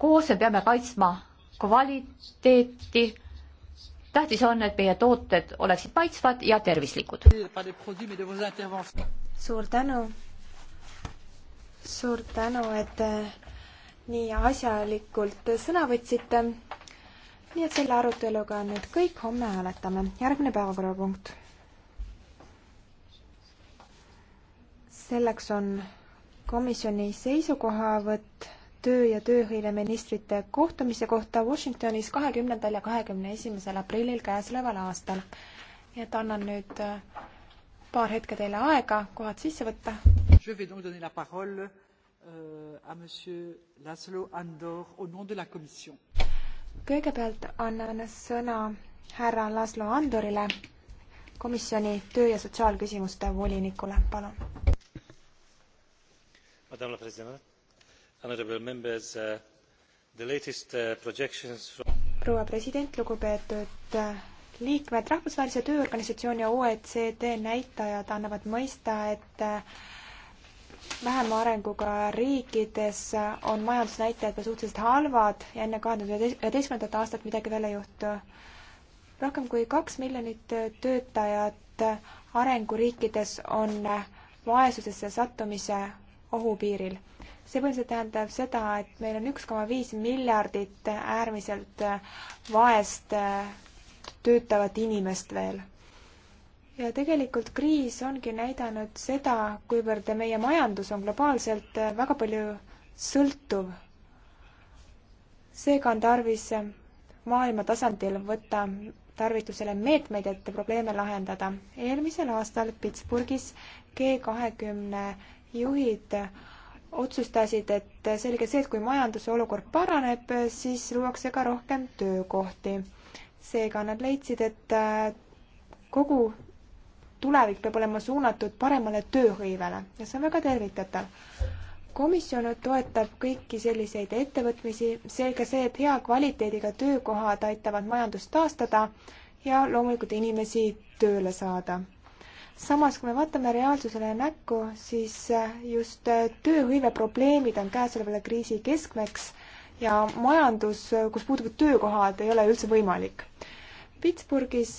koos me peame kaitsma kvaliteeti. tähtis on, et meie tooted oleksid maitsvad ja tervislikud. suur tänu. suur tänu, et nii asjalikult sõna võtsite. nii et selle aruteluga on nüüd kõik, homme hääletame. järgmine päevakorrapunkt. selleks on komisjoni seisukohavõtt töö- ja tööhõiveministrite kohtumise kohta Washingtonis kahekümnendal ja kahekümne esimesel aprillil käesoleval aastal. nii et annan nüüd äh, paar hetke teile aega kohad sisse võtta. Euh, kõigepealt annan sõna härra Laslo Andorile, komisjoni töö- ja sotsiaalküsimuste volinikule, palun. Uh, uh, proua president, lugupeetud äh, liikmed, Rahvusvahelise Tööorganisatsiooni ja OECD näitajad annavad mõista, et äh, vähema arenguga riikides äh, on majandusnäitajad veel suhteliselt halvad ja enne kahe tuhande üheteistkümnendat aastat midagi veel ei juhtu. rohkem kui kaks miljonit töötajat arenguriikides on vaesusesse sattumise ohupiiril see põhimõtteliselt tähendab seda, et meil on üks koma viis miljardit äärmiselt vaest töötavat inimest veel. ja tegelikult kriis ongi näidanud seda, kuivõrd meie majandus on globaalselt väga palju sõltuv. seega on tarvis maailma tasandil võtta tarvitusele meetmeid, et probleeme lahendada. eelmisel aastal Pittsburghis G kahekümne juhid otsustasid, et selge see, et kui majanduse olukord paraneb, siis luuakse ka rohkem töökohti. seega nad leidsid, et äh, kogu tulevik peab olema suunatud paremale tööhõivele ja see on väga tervitatav. komisjon toetab kõiki selliseid ettevõtmisi, seega see, et hea kvaliteediga töökohad aitavad majandust taastada ja loomulikult inimesi tööle saada samas, kui me vaatame reaalsusele näkku, siis äh, just äh, tööhõive probleemid on käesolevale kriisi keskmeks ja majandus, äh, kus puuduvad töökohad, ei ole üldse võimalik. Pittsburghis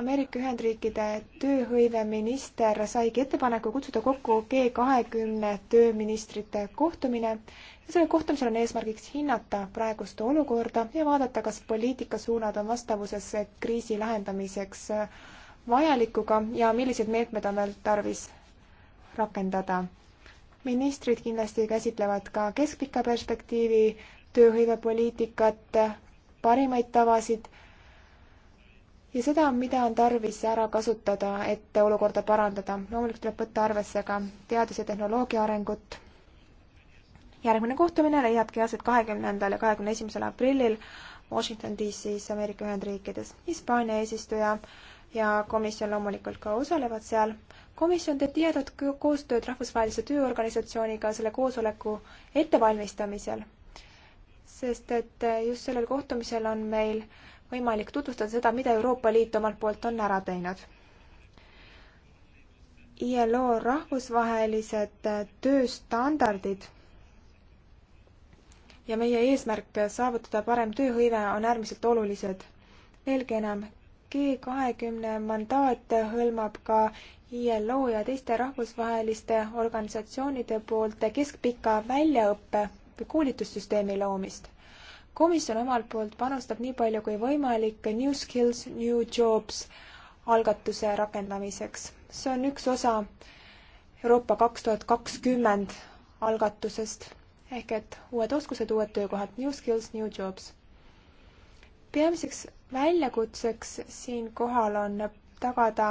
Ameerika Ühendriikide tööhõiveminister saigi ettepaneku kutsuda kokku G kahekümne tööministrite kohtumine ja sellel kohtumisel on eesmärgiks hinnata praegust olukorda ja vaadata, kas poliitikasuunad on vastavuses kriisi lahendamiseks vajalikuga ja millised meetmed on veel tarvis rakendada. ministrid kindlasti käsitlevad ka keskpika perspektiivi tööhõivepoliitikat, parimaid tavasid ja seda, mida on tarvis ära kasutada, et olukorda parandada. loomulikult tuleb võtta arvesse ka teadus- ja tehnoloogia arengut. järgmine kohtumine leiabki aset kahekümnendal ja kahekümne esimesel aprillil Washington DC-s Ameerika Ühendriikides. Hispaania eesistuja ja komisjon loomulikult ka osalevad seal. komisjon teeb tihedat koostööd Rahvusvahelise Tööorganisatsiooniga selle koosoleku ettevalmistamisel, sest et just sellel kohtumisel on meil võimalik tutvustada seda, mida Euroopa Liit omalt poolt on ära teinud. ILO rahvusvahelised tööstandardid ja meie eesmärk saavutada parem tööhõive on äärmiselt olulised. veelgi enam, G kahekümne mandaat hõlmab ka ILO ja teiste rahvusvaheliste organisatsioonide poolt keskpika väljaõppe või koolitussüsteemi loomist. komisjon omalt poolt panustab nii palju kui võimalik New Skills, New Jobs algatuse rakendamiseks. see on üks osa Euroopa kaks tuhat kakskümmend algatusest ehk et uued oskused, uued töökohad, new skills, new jobs. peamiseks väljakutseks siinkohal on tagada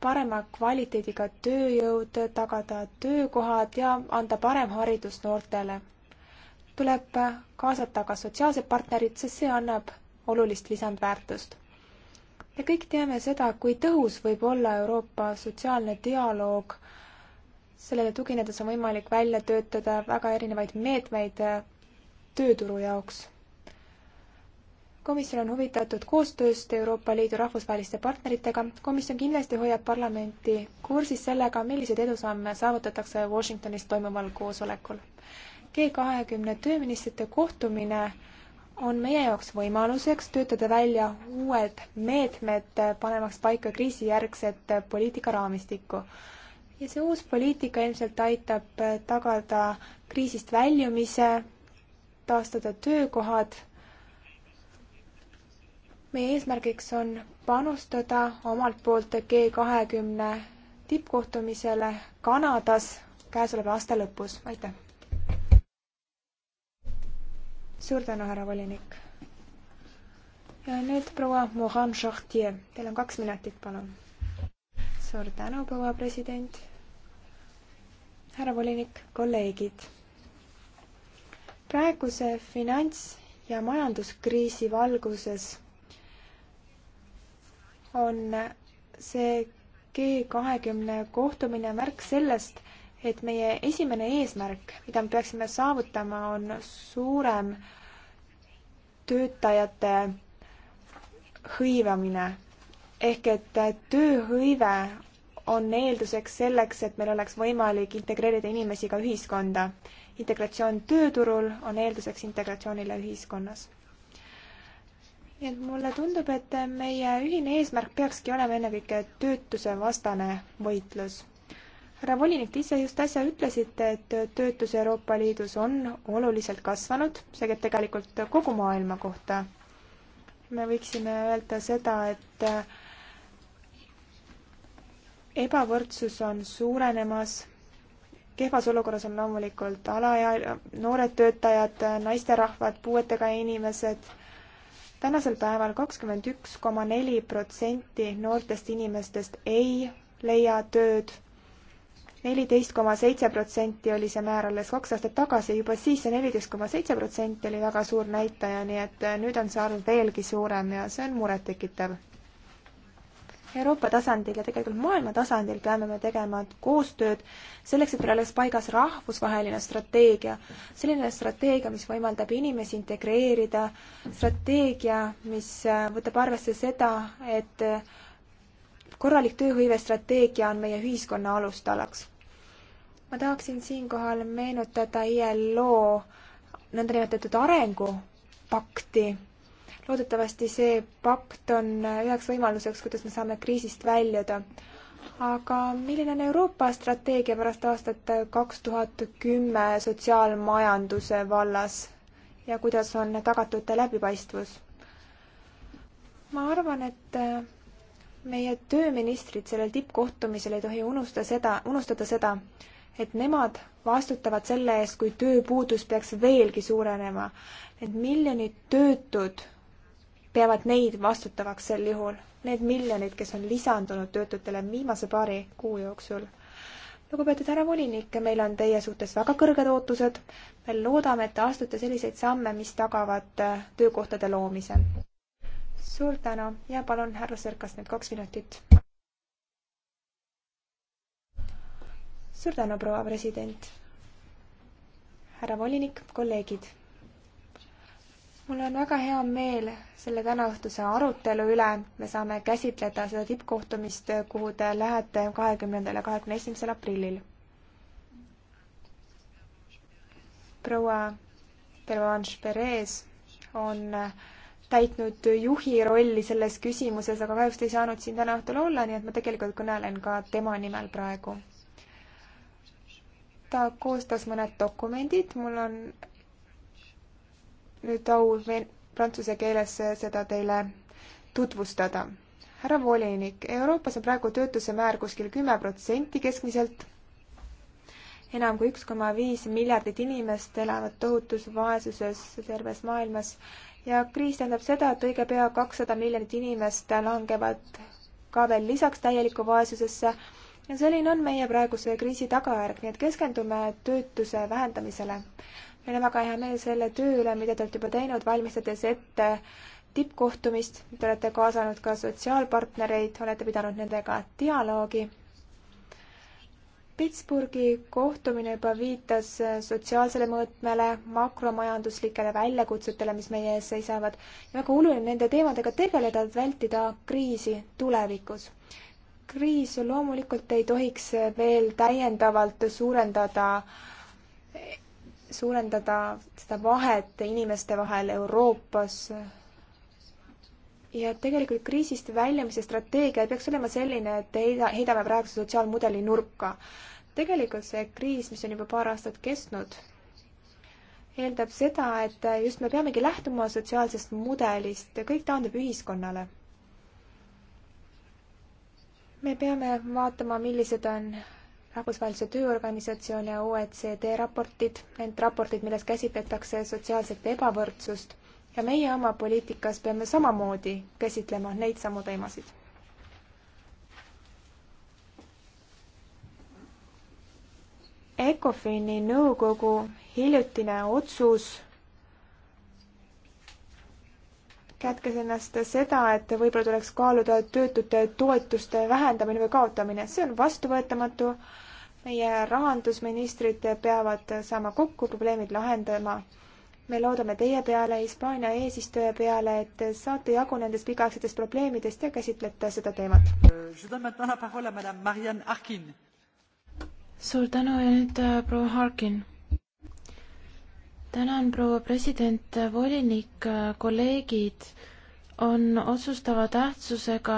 parema kvaliteediga tööjõud, tagada töökohad ja anda parem haridus noortele. tuleb kaasata ka sotsiaalsed partnerid, sest see annab olulist lisandväärtust. me kõik teame seda, kui tõhus võib olla Euroopa sotsiaalne dialoog. sellele tuginedes on võimalik välja töötada väga erinevaid meetmeid tööturu jaoks komisjon on huvitatud koostööst Euroopa Liidu rahvusvaheliste partneritega. komisjon kindlasti hoiab parlamenti kursis sellega, milliseid edusamme saavutatakse Washingtonis toimuval koosolekul. G kahekümne tööministrite kohtumine on meie jaoks võimaluseks töötada välja uued meetmed, panemaks paika kriisijärgset poliitikaraamistikku. ja see uus poliitika ilmselt aitab tagada kriisist väljumise, taastada töökohad meie eesmärgiks on panustada omalt poolt G kahekümne tippkohtumisele Kanadas käesoleva aasta lõpus, aitäh! suur tänu, härra volinik! ja nüüd proua Mohan Chartier, teil on kaks minutit, palun. suur tänu, proua president, härra volinik, kolleegid! praeguse finants- ja majanduskriisi valguses on see G kahekümne kohtumine märk sellest, et meie esimene eesmärk, mida me peaksime saavutama, on suurem töötajate hõivamine. ehk et tööhõive on eelduseks selleks, et meil oleks võimalik integreerida inimesi ka ühiskonda. integratsioon tööturul on eelduseks integratsioonile ühiskonnas nii et mulle tundub, et meie ühine eesmärk peakski olema ennekõike töötusevastane võitlus. härra volinik, te ise just äsja ütlesite, et töötus Euroopa Liidus on oluliselt kasvanud, see käib tegelikult kogu maailma kohta. me võiksime öelda seda, et ebavõrdsus on suurenemas, kehvas olukorras on loomulikult alaeal-, noored töötajad, naisterahvad, puuetega inimesed tänasel päeval kakskümmend üks koma neli protsenti noortest inimestest ei leia tööd. neliteist koma seitse protsenti oli see määr alles kaks aastat tagasi, juba siis see neliteist koma seitse protsenti oli väga suur näitaja, nii et nüüd on see arv veelgi suurem ja see on murettekitav Euroopa tasandil ja tegelikult maailma tasandil peame me tegema koostööd selleks, et meil oleks paigas rahvusvaheline strateegia. selline strateegia, mis võimaldab inimesi integreerida, strateegia, mis äh, võtab arvesse seda, et äh, korralik tööhõivestrateegia on meie ühiskonna alustalaks. ma tahaksin siinkohal meenutada ILO nõndanimetatud arengupakti loodetavasti see pakt on üheks võimaluseks, kuidas me saame kriisist väljuda. aga milline on Euroopa strateegia pärast aastat kaks tuhat kümme sotsiaalmajanduse vallas ja kuidas on tagatud läbipaistvus? ma arvan, et meie tööministrid sellel tippkohtumisel ei tohi unusta seda, unustada seda, et nemad vastutavad selle eest, kui tööpuudus peaks veelgi suurenema. Need miljonid töötud peavad neid vastutavaks sel juhul, need miljonid, kes on lisandunud töötutele viimase paari kuu jooksul. lugupeetud härra volinik, meil on teie suhtes väga kõrged ootused. me loodame, et te astute selliseid samme, mis tagavad äh, töökohtade loomise. suur tänu ja palun, härra Sõrkas, nüüd kaks minutit. suur tänu, proua president. härra volinik, kolleegid mul on väga hea meel selle tänaõhtuse arutelu üle. me saame käsitleda seda tippkohtumist, kuhu te lähete kahekümnendal ja kahekümne esimesel aprillil. proua Pervanche Perez on täitnud juhi rolli selles küsimuses, aga kahjuks ta ei saanud siin täna õhtul olla, nii et ma tegelikult kõnelen ka tema nimel praegu. ta koostas mõned dokumendid, mul on nüüd au prantsuse keeles seda teile tutvustada. härra volinik, Euroopas on praegu töötuse määr kuskil kümme protsenti keskmiselt. enam kui üks koma viis miljardit inimest elavad tohutus vaesuses terves maailmas ja kriis tähendab seda, et õige pea kakssada miljonit inimest langevad ka veel lisaks täielikku vaesusesse ja selline on meie praeguse kriisi tagajärg, nii et keskendume töötuse vähendamisele meil on väga hea meel selle töö üle, mida te olete juba teinud, valmistades ette tippkohtumist, te olete kaasanud ka sotsiaalpartnereid, olete pidanud nendega dialoogi. Pittsburghi kohtumine juba viitas sotsiaalsele mõõtmele, makromajanduslikele väljakutsetele, mis meie ees seisavad. väga oluline nende teemadega tegeleda, et vältida kriisi tulevikus. kriis loomulikult ei tohiks veel täiendavalt suurendada äh, suurendada seda vahet inimeste vahel Euroopas. ja tegelikult kriisist väljumise strateegia ei peaks olema selline, et heida, heidame praeguse sotsiaalmudeli nurka. tegelikult see kriis, mis on juba paar aastat kestnud, eeldab seda, et just me peamegi lähtuma sotsiaalsest mudelist, kõik taandub ühiskonnale me peame vaatama, millised on Rahvusvahelise Tööorganisatsiooni ja OECD raportid, ent raportid, milles käsitletakse sotsiaalset ebavõrdsust ja meie oma poliitikas peame samamoodi käsitlema neid samu teemasid. ECOFIN-i nõukogu hiljutine otsus kätkes ennast seda, et võib-olla tuleks kaaluda töötute toetuste vähendamine või kaotamine. see on vastuvõetamatu. meie rahandusministrid peavad saama kokku, probleemid lahendama. me loodame teie peale, Hispaania eesistuja peale, et saate jagu nendest pikaaegsetest probleemidest ja käsitlete seda teemat. suur tänu ja nüüd äh, proua Harkin tänan, proua president, volinik, äh, kolleegid. on otsustava tähtsusega,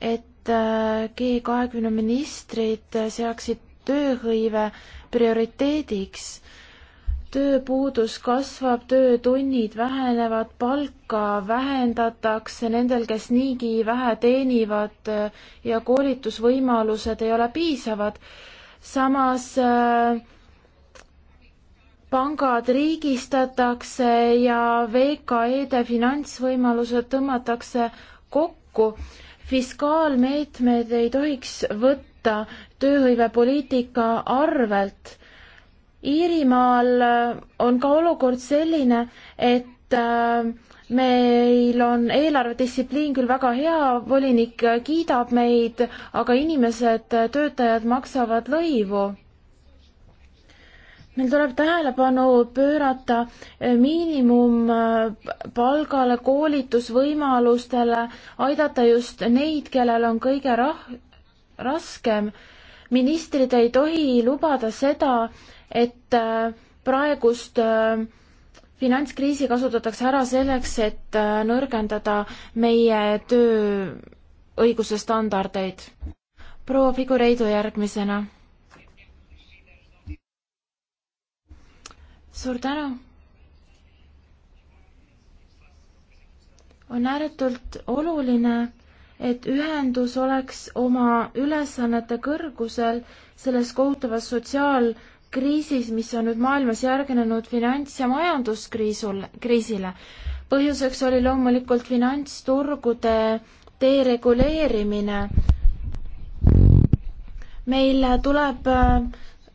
et äh, G kahekümne ministrid seaksid tööhõive prioriteediks. tööpuudus kasvab, töötunnid vähenevad, palka vähendatakse nendel, kes niigi vähe teenivad äh, ja koolitusvõimalused ei ole piisavad. samas äh, pangad riigistatakse ja VKE-de finantsvõimalused tõmmatakse kokku. fiskaalmeetmed ei tohiks võtta tööhõivepoliitika arvelt. Iirimaal äh, on ka olukord selline, et äh, meil on eelarvedistsipliin küll väga hea, volinik kiidab meid, aga inimesed, töötajad maksavad lõivu meil tuleb tähelepanu pöörata eh, miinimumpalgale, eh, koolitusvõimalustele, aidata just neid, kellel on kõige rah-, raskem. ministrid ei tohi lubada seda, et eh, praegust finantskriisi kasutatakse ära selleks, et nõrgendada meie tööõiguse standardeid. proua Figureidu järgmisena suur tänu. on ääretult oluline, et ühendus oleks oma ülesannete kõrgusel selles kohutavas sotsiaalkriisis, mis on nüüd maailmas järgnenud finants- ja majanduskriisul, kriisile. põhjuseks oli loomulikult finantsturgude dereguleerimine. meil tuleb äh,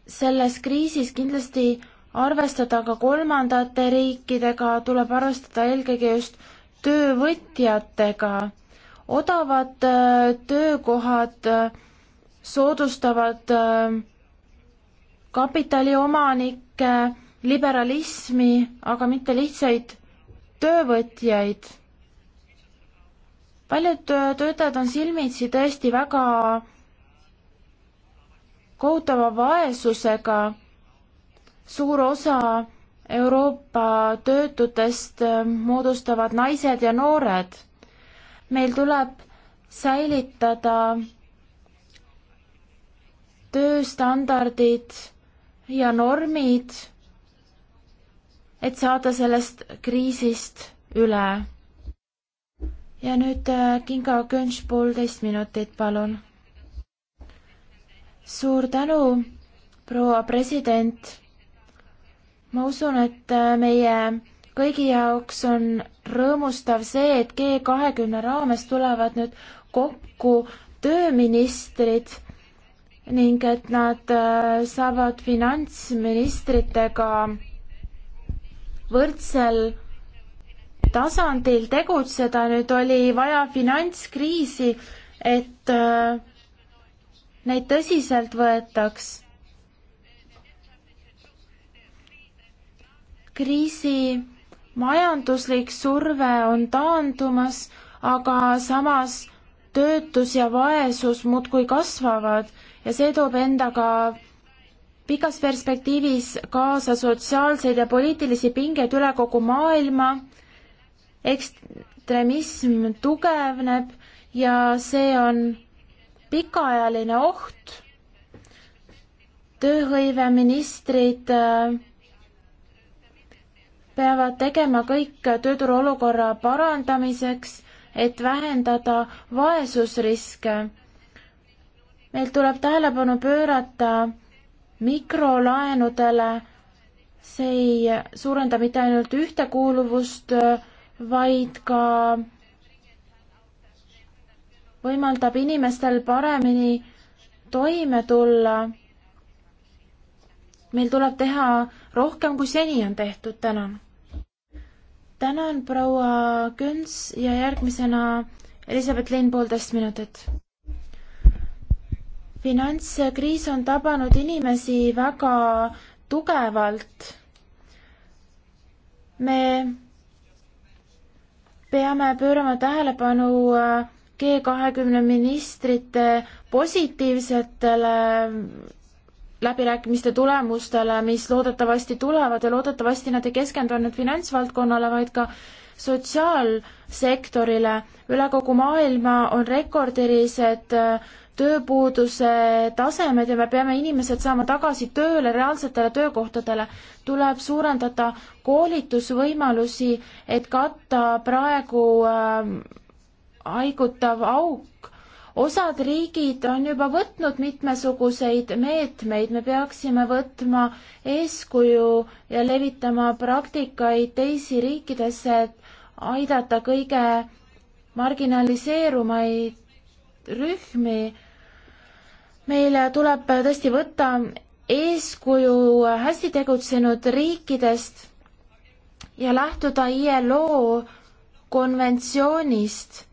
selles kriisis kindlasti arvestada ka kolmandate riikidega, tuleb arvestada eelkõige just töövõtjatega. odavad äh, töökohad äh, soodustavad äh, kapitaliomanike liberalismi, aga mitte lihtsaid töövõtjaid. paljud töötajad on silmitsi tõesti väga kohutava vaesusega suur osa Euroopa töötutest äh, moodustavad naised ja noored. meil tuleb säilitada tööstandardid ja normid, et saada sellest kriisist üle. ja nüüd äh, Kinga Künš, poolteist minutit, palun. suur tänu, proua president ma usun, et äh, meie kõigi jaoks on rõõmustav see, et G kahekümne raames tulevad nüüd kokku tööministrid ning et nad äh, saavad finantsministritega võrdsel tasandil tegutseda, nüüd oli vaja finantskriisi, et äh, neid tõsiselt võetaks kriisi majanduslik surve on taandumas, aga samas töötus ja vaesus muudkui kasvavad ja see toob endaga pikas perspektiivis kaasa sotsiaalseid ja poliitilisi pingeid üle kogu maailma, ekstremism tugevneb ja see on pikaajaline oht. tööhõiveministrid äh, peavad tegema kõik tööturu olukorra parandamiseks, et vähendada vaesusriske. meil tuleb tähelepanu pöörata mikrolaenudele, see ei suurenda mitte ainult ühtekuuluvust, vaid ka võimaldab inimestel paremini toime tulla. meil tuleb teha rohkem, kui seni on tehtud, tänan tänan, proua Köns ja järgmisena Elizabeth Linn, poolteist minutit. finantskriis on tabanud inimesi väga tugevalt. me peame pöörama tähelepanu äh, G kahekümne ministrite positiivsetele läbirääkimiste tulemustele, mis loodetavasti tulevad ja loodetavasti nad ei keskendu ainult finantsvaldkonnale, vaid ka sotsiaalsektorile. üle kogu maailma on rekordilised äh, tööpuuduse tasemed ja me peame inimesed saama tagasi tööle, reaalsetele töökohtadele. tuleb suurendada koolitusvõimalusi, et katta praegu äh, haigutav auk osad riigid on juba võtnud mitmesuguseid meetmeid, me peaksime võtma eeskuju ja levitama praktikaid teisi riikidesse, et aidata kõige marginaliseerumaid rühmi. meile tuleb tõesti võtta eeskuju hästi tegutsenud riikidest ja lähtuda ILO konventsioonist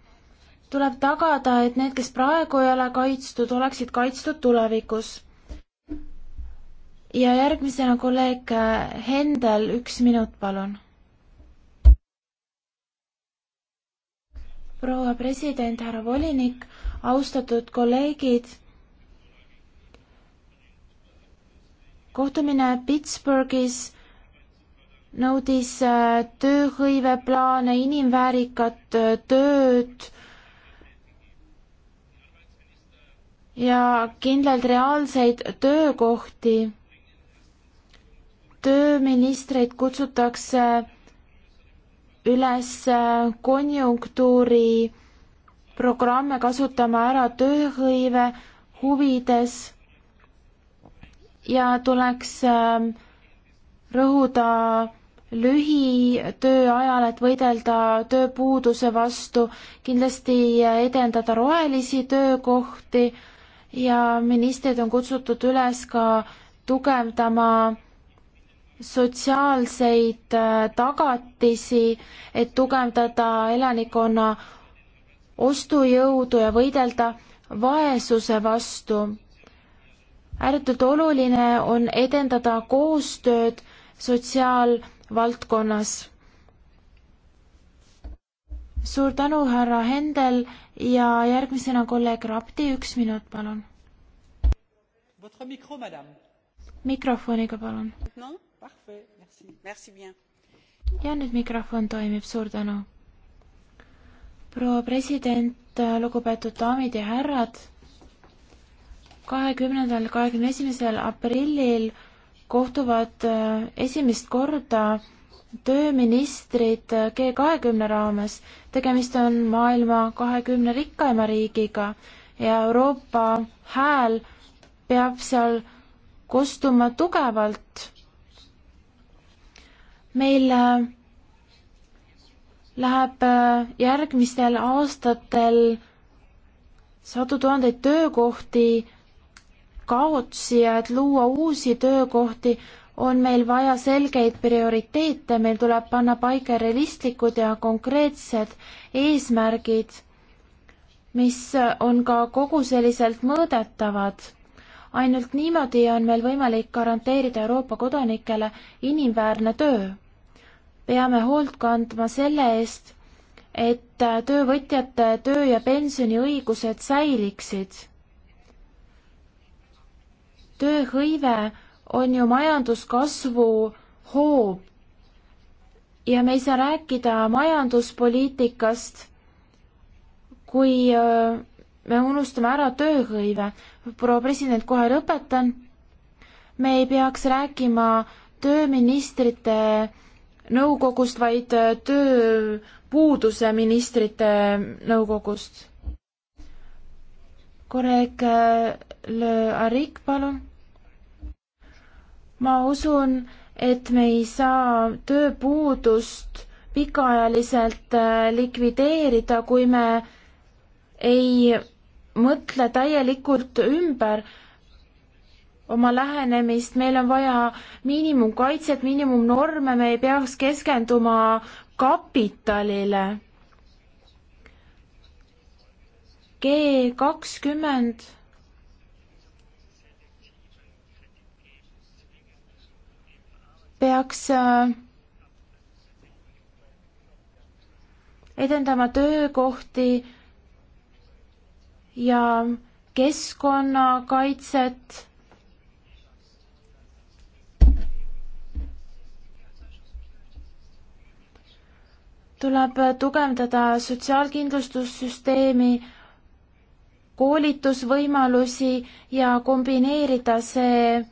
tuleb tagada, et need, kes praegu ei ole kaitstud, oleksid kaitstud tulevikus. ja järgmisena kolleeg Hendel, üks minut, palun. proua president, härra volinik, austatud kolleegid. kohtumine Pittsburghis nõudis äh, tööhõiveplaane, inimväärikat äh, tööd ja kindlalt reaalseid töökohti. tööministreid kutsutakse üles konjunktuuri programme kasutama ära tööhõive huvides ja tuleks ähm, rõhuda lühitööajal, et võidelda tööpuuduse vastu, kindlasti edendada rohelisi töökohti ja ministrid on kutsutud üles ka tugevdama sotsiaalseid äh, tagatisi, et tugevdada elanikkonna ostujõudu ja võidelda vaesuse vastu. ääretult oluline on edendada koostööd sotsiaalvaldkonnas. suur tänu, härra Hendel ja järgmisena kolleeg Rapti, üks minut, palun. mikrofoniga, palun. ja nüüd mikrofon toimib, suur tänu. proua president, lugupeetud daamid ja härrad, kahekümnendal, kahekümne esimesel aprillil kohtuvad äh, esimest korda tööministrid G kahekümne raames. tegemist on maailma kahekümne rikkaima riigiga ja Euroopa hääl peab seal kostuma tugevalt. meil äh, läheb äh, järgmistel aastatel sadu tuhandeid töökohti kaotsi ja et luua uusi töökohti, on meil vaja selgeid prioriteete, meil tuleb panna paika realistlikud ja konkreetsed eesmärgid, mis on ka koguseliselt mõõdetavad. ainult niimoodi on meil võimalik garanteerida Euroopa kodanikele inimväärne töö. peame hoolt kandma selle eest, et töövõtjate töö- ja pensioniõigused säiliksid. tööhõive on ju majanduskasvu hoob ja me ei saa rääkida majanduspoliitikast, kui äh, me unustame ära tööhõive. proua president, kohe lõpetan. me ei peaks rääkima tööministrite nõukogust, vaid äh, tööpuuduse ministrite nõukogust. kolleeg äh, Le Arik, palun ma usun, et me ei saa tööpuudust pikaajaliselt äh, likvideerida, kui me ei mõtle täielikult ümber oma lähenemist, meil on vaja miinimumkaitset, miinimumnorme, me ei peaks keskenduma kapitalile. G kakskümmend peaks äh, edendama töökohti ja keskkonnakaitset. tuleb tugevdada sotsiaalkindlustussüsteemi, koolitusvõimalusi ja kombineerida see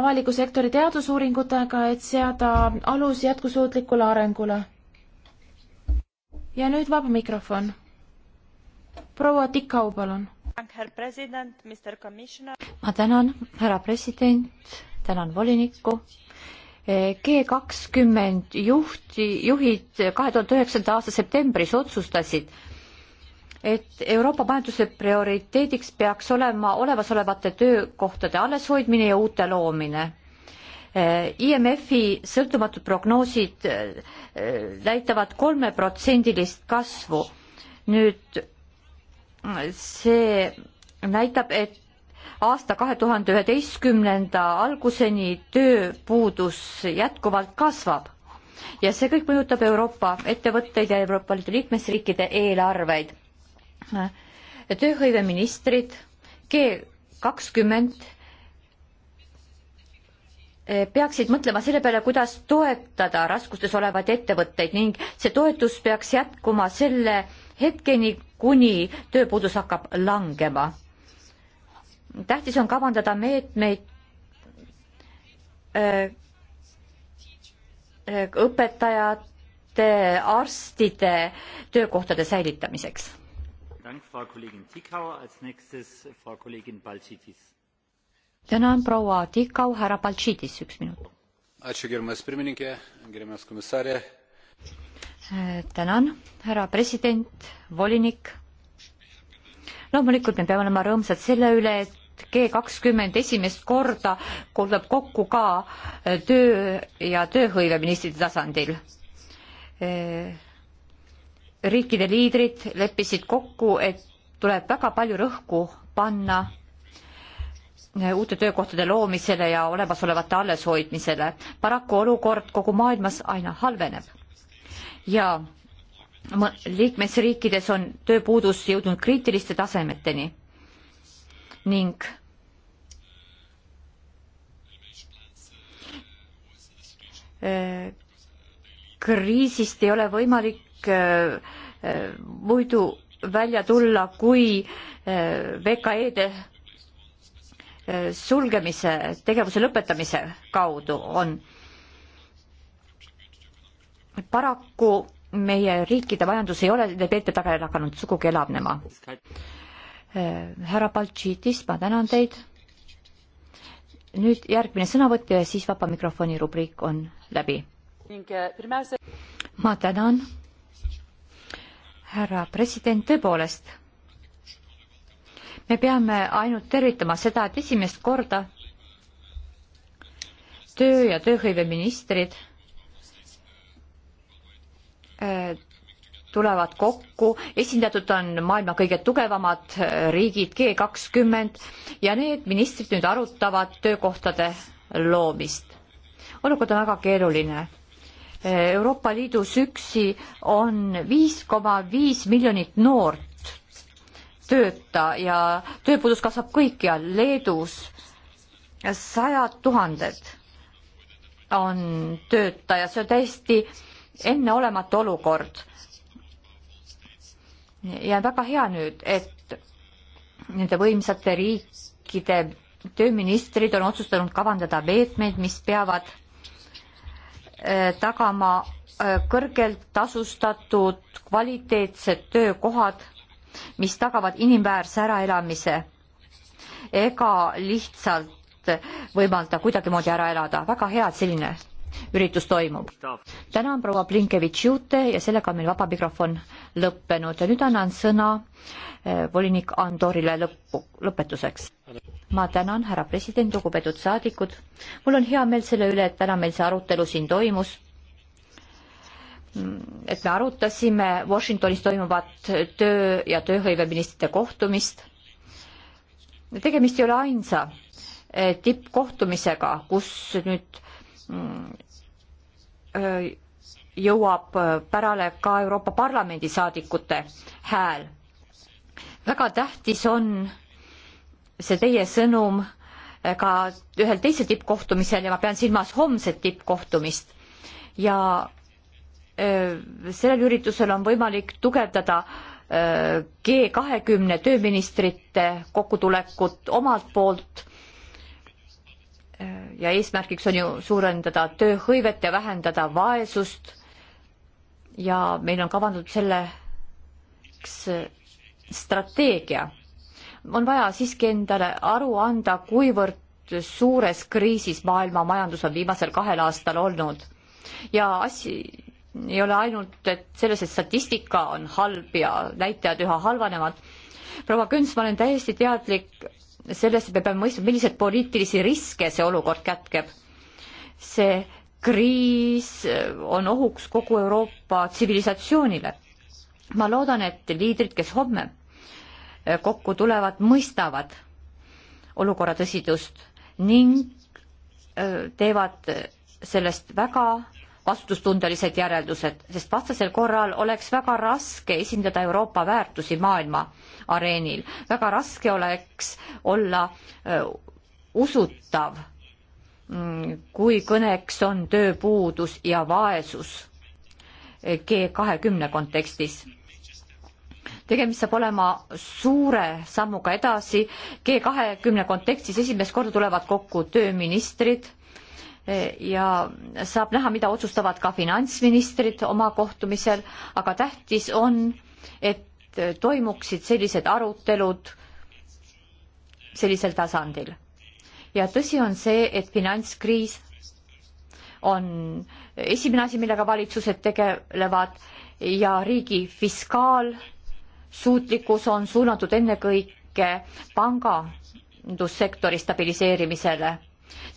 avaliku sektori teadusuuringutega, et seada alus jätkusuutlikule arengule. ja nüüd vaba mikrofon. proua Tikau, palun. ma tänan, härra president, tänan volinikku. G kakskümmend juhti, juhid kahe tuhande üheksanda aasta septembris otsustasid, et Euroopa majanduse prioriteediks peaks olema olemasolevate töökohtade alleshoidmine ja uute loomine. Eh, IMF-i sõltumatud prognoosid eh, näitavad kolmeprotsendilist kasvu. nüüd see näitab, et aasta kahe tuhande üheteistkümnenda alguseni tööpuudus jätkuvalt kasvab ja see kõik mõjutab Euroopa ettevõtteid ja Euroopa Liidu liikmesriikide eelarveid tööhõiveministrid G kakskümmend eh, peaksid mõtlema selle peale, kuidas toetada raskustes olevaid ettevõtteid ning see toetus peaks jätkuma selle hetkeni, kuni tööpuudus hakkab langema. tähtis on kavandada meetmeid eh, eh, õpetajate, arstide töökohtade säilitamiseks tänan, proua Tikau, härra Baltšiitis, üks minut. tänan, härra president, volinik. loomulikult me peame olema rõõmsad selle üle, et G kakskümmend esimest korda tuleb kokku ka töö ja tööhõiveministrite tasandil riikide liidrid leppisid kokku, et tuleb väga palju rõhku panna uute töökohtade loomisele ja olemasolevate alleshoidmisele. paraku olukord kogu maailmas aina halveneb ja liikmesriikides on tööpuudus jõudnud kriitiliste tasemeteni ning äh, kriisist ei ole võimalik äh, muidu välja tulla, kui eh, VKE-de eh, sulgemise, tegevuse lõpetamise kaudu on. paraku meie riikide majandus ei ole nende peete tagajärjel hakanud sugugi elavnema. Eh, härra Baltšiitis, ma tänan teid. nüüd järgmine sõnavõtt ja siis vaba mikrofoni rubriik on läbi. ma tänan härra president, tõepoolest, me peame ainult tervitama seda, et esimest korda töö- ja tööhõiveministrid äh, tulevad kokku, esindatud on maailma kõige tugevamad äh, riigid G kakskümmend ja need ministrid nüüd arutavad töökohtade loomist. olukord on väga keeruline Euroopa Liidus üksi on viis koma viis miljonit noort tööta ja tööpuudus kasvab kõikjal, Leedus sajad tuhanded on tööta ja see on täiesti enneolematu olukord. ja väga hea nüüd, et nende võimsate riikide tööministrid on otsustanud kavandada meetmeid, mis peavad Äh, tagama äh, kõrgelt tasustatud kvaliteetsed töökohad, mis tagavad inimväärse äraelamise ega lihtsalt võimalda kuidagimoodi ära elada. väga hea, et selline üritus toimub. tänan proua Blinkevitš-Jute ja sellega on meil vaba mikrofon lõppenud ja nüüd annan sõna äh, volinik Andorile lõppu, lõpetuseks ma tänan, härra president, lugupeetud saadikud. mul on hea meel selle üle, et täna meil see arutelu siin toimus. Mm, et me arutasime Washingtonis toimuvat töö ja tööhõiveministrite kohtumist. tegemist ei ole ainsa eh, tippkohtumisega, kus nüüd mm, jõuab eh, pärale ka Euroopa Parlamendi saadikute hääl. väga tähtis on see teie sõnum eh, ka ühel teisel tippkohtumisel ja ma pean silmas homset tippkohtumist ja eh, sellel üritusel on võimalik tugevdada eh, G kahekümne tööministrite kokkutulekut omalt poolt ja eesmärgiks on ju suurendada tööhõivet ja vähendada vaesust. ja meil on kavandatud selleks strateegia on vaja siiski endale aru anda, kuivõrd suures kriisis maailma majandus on viimasel kahel aastal olnud. ja asi ei ole ainult, et selles, et statistika on halb ja näitajad üha halvanevad. proua Künts, ma olen täiesti teadlik sellest, et me peame mõistma, milliseid poliitilisi riske see olukord kätkeb. see kriis on ohuks kogu Euroopa tsivilisatsioonile. ma loodan, et liidrid, kes homme Äh, kokku tulevad, mõistavad olukorra tõsidust ning äh, teevad sellest väga vastutustundelised järeldused, sest vastasel korral oleks väga raske esindada Euroopa väärtusi maailma areenil, väga raske oleks olla äh, usutav, mm, kui kõneks on tööpuudus ja vaesus G kahekümne kontekstis tegemist saab olema suure sammuga edasi. G kahekümne kontekstis esimest korda tulevad kokku tööministrid e, ja saab näha, mida otsustavad ka finantsministrid oma kohtumisel, aga tähtis on, et toimuksid sellised arutelud sellisel tasandil. ja tõsi on see, et finantskriis on esimene asi, millega valitsused tegelevad ja riigi fiskaal- suutlikkus on suunatud ennekõike pangandussektori stabiliseerimisele.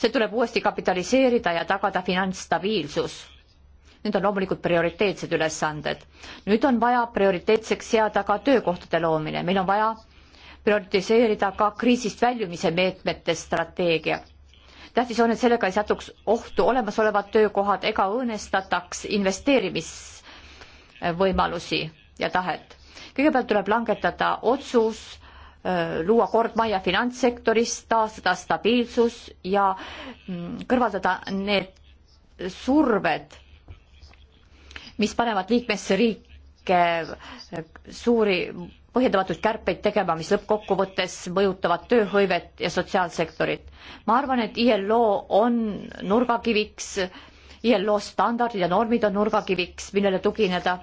see tuleb uuesti kapitaliseerida ja tagada finantsstabiilsus. Need on loomulikult prioriteetsed ülesanded. nüüd on vaja prioriteetseks seada ka töökohtade loomine, meil on vaja prioritiseerida ka kriisist väljumise meetmete strateegia. tähtis on, et sellega ei satuks ohtu olemasolevad töökohad ega õõnestataks investeerimisvõimalusi ja tahet kõigepealt tuleb langetada otsus äh, luua kord majja finantssektoris, taastada stabiilsus ja mm, kõrvaldada need surved, mis panevad liikmesriike äh, suuri põhjendamatuid kärpeid tegema, mis lõppkokkuvõttes mõjutavad tööhõivet ja sotsiaalsektorit. ma arvan, et ILO on nurgakiviks, ILO standardid ja normid on nurgakiviks, millele tugineda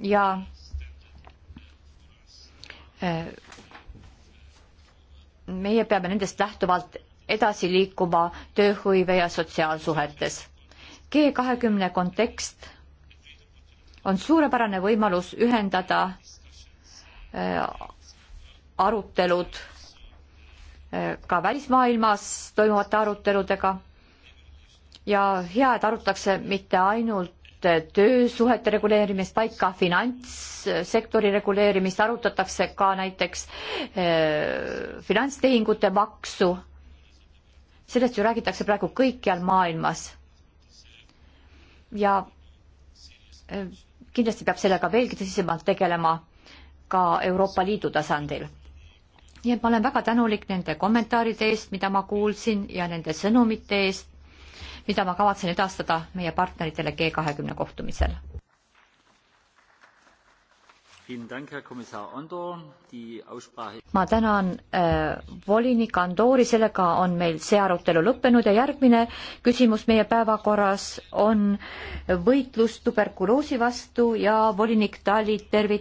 ja Äh, meie peame nendest lähtuvalt edasi liikuma tööhõive ja sotsiaalsuhetes. G kahekümne kontekst on suurepärane võimalus ühendada äh, arutelud äh, ka välismaailmas toimuvate aruteludega ja hea, et arutatakse mitte ainult töösuhete reguleerimist, vaid ka finantssektori reguleerimist, arutatakse ka näiteks eh, finantstehingute maksu. sellest ju räägitakse praegu kõikjal maailmas. ja eh, kindlasti peab sellega veelgi tõsisemalt tegelema ka Euroopa Liidu tasandil. nii et ma olen väga tänulik nende kommentaaride eest, mida ma kuulsin ja nende sõnumite eest mida ma kavatsen edastada meie partneritele G kahekümne kohtumisel. ma tänan äh, volinik Andori, sellega on meil see arutelu lõppenud ja järgmine küsimus meie päevakorras on võitlus tuberkuloosi vastu ja volinik Talit tervitab